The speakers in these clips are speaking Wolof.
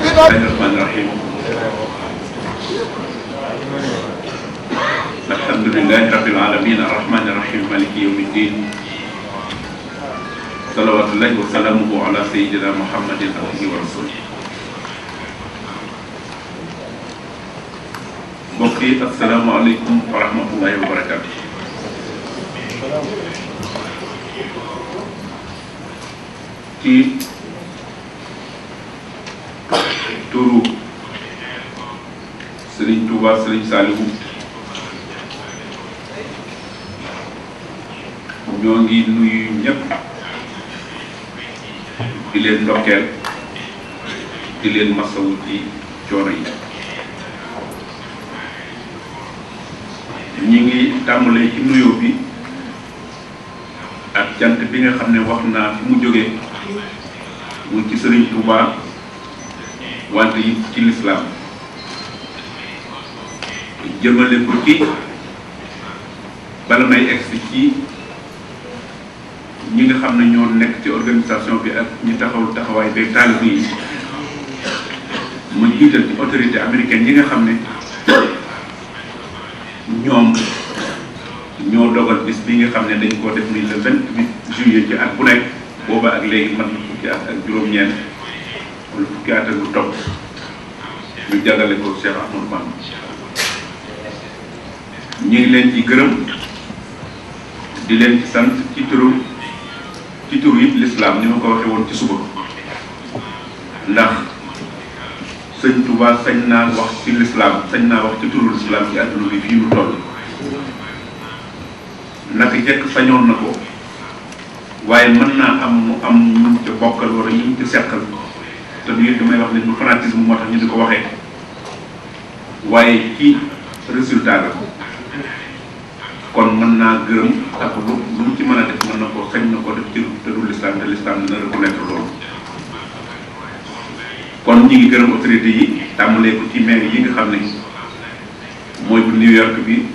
الرحمن الرحيم الحمد لله رب العالمين الرحمن الرحيم مالك يوم الدين صلوات الله وسلامه على سيدنا محمد عبده ورسوله بقي السلام عليكم ورحمة الله وبركاته في turu Serigne Touba Serigne Saliou ñoo ngi nuyu ñëpp di leen ndokkeel di leen masawu ci coono yi ñu ngi tàmbalee ci nuyoo bi ak cant bi nga xam ne wax naa fi mu jógee mu ci Serigne Touba. wante it ci lislaam jëmale ko ci bala may egsi ci ñi nga xam ne ñoo nekk ci organisation bi ak ñi taxaw taxawaay beeg taalib yi ma jiital ci autorité américaine yi nga xam ne ñoom ñoo dogal bis bi nga xam ne dañ koo def nii le vingt-huit juillet ci at bu nekk booba ak léegi man fukki juróom-ñeent lu fukki at ak lu topp ñu jàngale ko Cheikh Ahmadou Bamba ñu ngi leen ci gërëm di leen ci sant ci turu ci turu yi lislaam ni ma ko waxee woon ci suba ndax sëñ Touba sañ naa wax ci lislaam sañ naa wax ci turu lislaam ci àdduna bi fii mu toll naka jekk sañoon na ko waaye mën naa am mu am ñu ca bokkal wala ñu ca seqal ko te du damay wax ne du fanatisme moo tax ñu di ko waxee waaye ci résultat la kon mën naa gërëm ak lu lu mu ci mën a def mën na ko xañ na ko def ci te lislaam te lislaam dina reconnaître loolu kon ñu ngi gërëm autorité yi tàmbalee ko ci maire yi nga xam ne mooy bu New York bi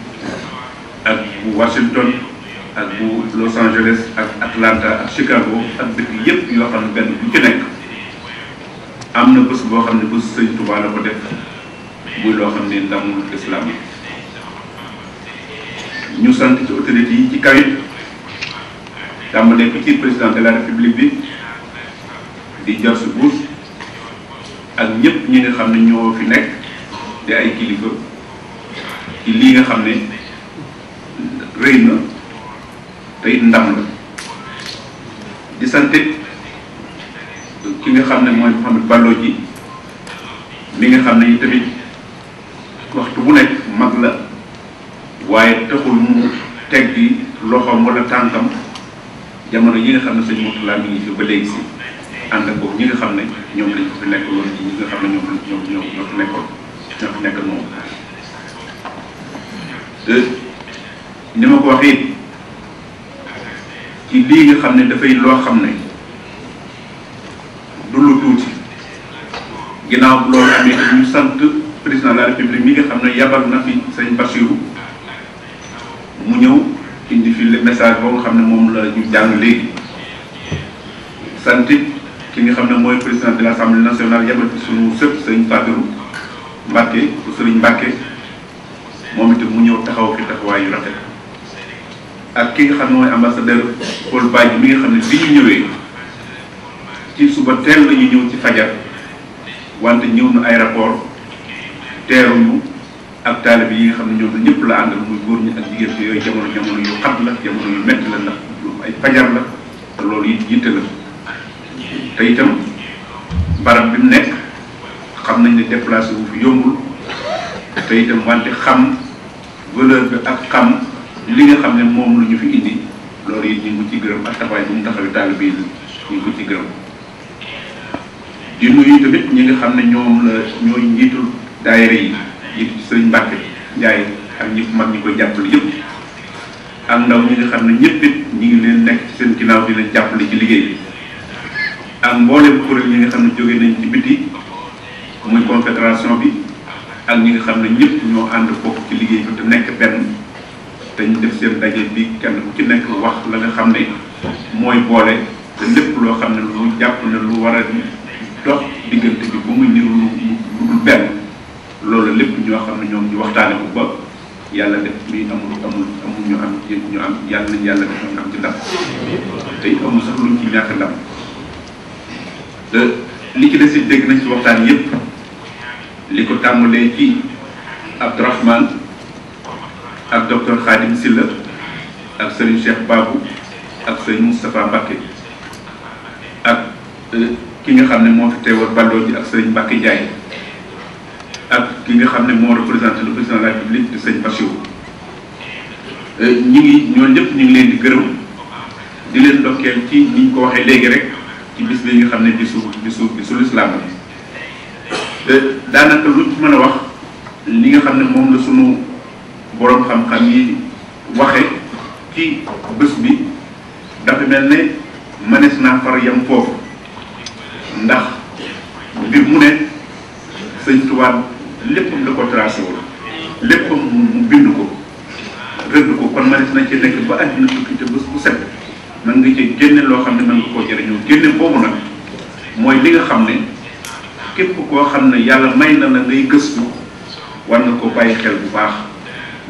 ak bu Washington ak bu Los Angeles ak Atlanta ak Chicago ak dëkk yépp yoo xam ne benn bu ci nekk am na bés boo xam ne bës sëñ Tuubaa la ko def muy loo xam ne ndamul islam ñu sant ci autorités yi ci kaw it tàmbalee ci président de la république bi di George Bush ak ñëpp ñi nga xam ne ñoo fi nekk di ay kilifa ci lii nga xam ne rëy na tey ndam la di sant. ki nga xam ne mooy Mouhamed Ballo ji mi nga xam ne tamit waxtu bu nekk mag la waaye taxul mu teg bi loxoom wala tànkam jamono yi nga xam ne sëñ Mourtala mi ngi fi ba léegi si ànd ak boobu ñi nga xam ne ñoom lañ fi nekkaloon ñi nga xam ne ñoom ñoom ñoo ñoo fi nekkoon ñoo fi nekk moom te ni ma ko waxee ci lii nga xam ne dafay loo xam ne ginnaaw bu loolu amee ñu sant président de la république mi nga xam ne yabal na fi sañ Bassirou mu ñëw indi fi message boo nga xam ne moom la ñu jàng léegi sant ki nga xam ne mooy président de l' assemblée nationale yabal fi suñu sëpp sëñ Fadilou Mbacke bu sëriñ Mbacke moom itam mu ñëw taxaw fi taxawaay yu rafet ak ki nga xam ne mooy ambassadeur Paul Badji mi nga xam ne bi ñu ñëwee ci suba teel la ñu ñëw ci fajar wante ñëw na aéroport teeruñu ak taalibe yi xam ne ñoom ñëpp la àndal muy góor ñi ak jigéen yooyu jamono jamono yu xat la jamono yu métti la ndax ay fajar la te loolu it yitte la te itam barab bi mu nekk xam nañ ne déplacé wu fi yombul te itam wante xam valeur bi ak xam li nga xam ne moom lu ñu fi indi loolu it ñu ngi ci gërëm ak taxawaay bu mu taxawee taalibe yi ñu ngi ko ci gërëm. di nuyu tamit ñi nga xam ne ñoom la ñooy njiitul daayira yi njiitu sëriñ Mbàkke Njaay ak ñi mag ñi koy jàppale yëpp ak ndaw ñi nga xam ne ñëpp ñi ngi leen nekk ci seen ginnaaw di leen jàppale ci liggéey bi ak mboolem nga xam ne jóge nañ ci biti muy confédération bi ak ñi nga xam ne ñëpp ñoo ànd bokk ci liggéey bi te nekk benn te ñu def seen daje bi kenn ku ci nekk wax la nga xam ne mooy boole te lépp loo xam ne lu jàpp ne lu war a dox diggante bi bu mu niru lu dul benn loolu lépp ñoo xam ne ñoom ñu waxtaane ko ba yàlla def luy amul amul amul ñu am yàlla nañ yàlla def ñu am ci ndam tey amul sax ci ñàkk ndam li ci des it dégg nañ ci waxtaan yépp li ko tàmbalee ci Abdourahmane ak docteur Khadim Silla ak Serigne Cheikh Babou ak Serigne Moustapha Mbacké ak euh, ki nga xam ne moo fi teewal Ballo ji ak sëriñ Mbacke Ndiaye ak ki nga xam ne moo représenté le président de la République di sëñ euh, ñi ngi ñoo ñëpp ñu ngi leen di gërëm di leen ndokkeel ci ni ñu ko waxee léegi rek ci bis bi nga xam ne bisu bisu bisu bi la euh, daanaka lu mën a wax li nga xam ne moom la sunu boroom xam-xam yi waxe ci bés bi dafa mel ne mënees naa far yam foofu ndax mbir mu ne sëñ Tuubaa léppam la ko tracé woon léppam mu bind ko rëdd ko kon mënees nañ ci nekk ba àddina tukki te bés bu set mën nga ci génne loo xam ne mën nga koo jëriñoo génne boobu nag mooy li nga xam ne képp koo xam ne yàlla may na la ngay gëstu war nga ko bàyyi xel bu baax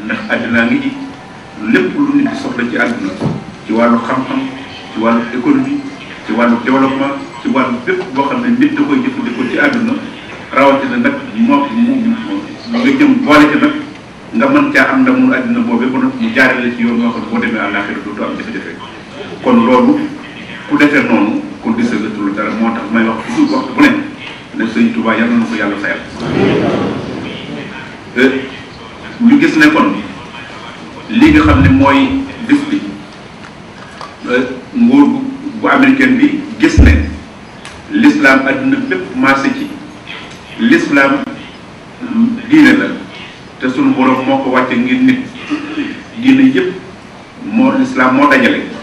ndax àddinaa ngi ji lépp lu nit soxla ci àdduna ci wàllu xam-xam ci wàllu économie ci wàllu développement ci wàllu bépp boo xam ne nit da koy jëfandikoo ci àdduna rawatina nag moo fi mu nga jëm boole ci nag nga mën caa am ndamul àdduna boobee ba noppi mu jaarale ci yoon boo xam ne boo demee àllaaxira dootu am jafe kon loolu ku defee noonu kon dese la lu dara moo tax may wax toujours waxtu bu ne ne sëñ Touba yal na ko yàlla sayal euh, ñu gis ne lii li nga xam ne mooy bis bi euh, nguur bu américain bi gis ne l'islam adduna bépp marché ci lislaam diine la te sunu borom moo ko wàcce ngir nit diine yëpp moo lislaam moo dajale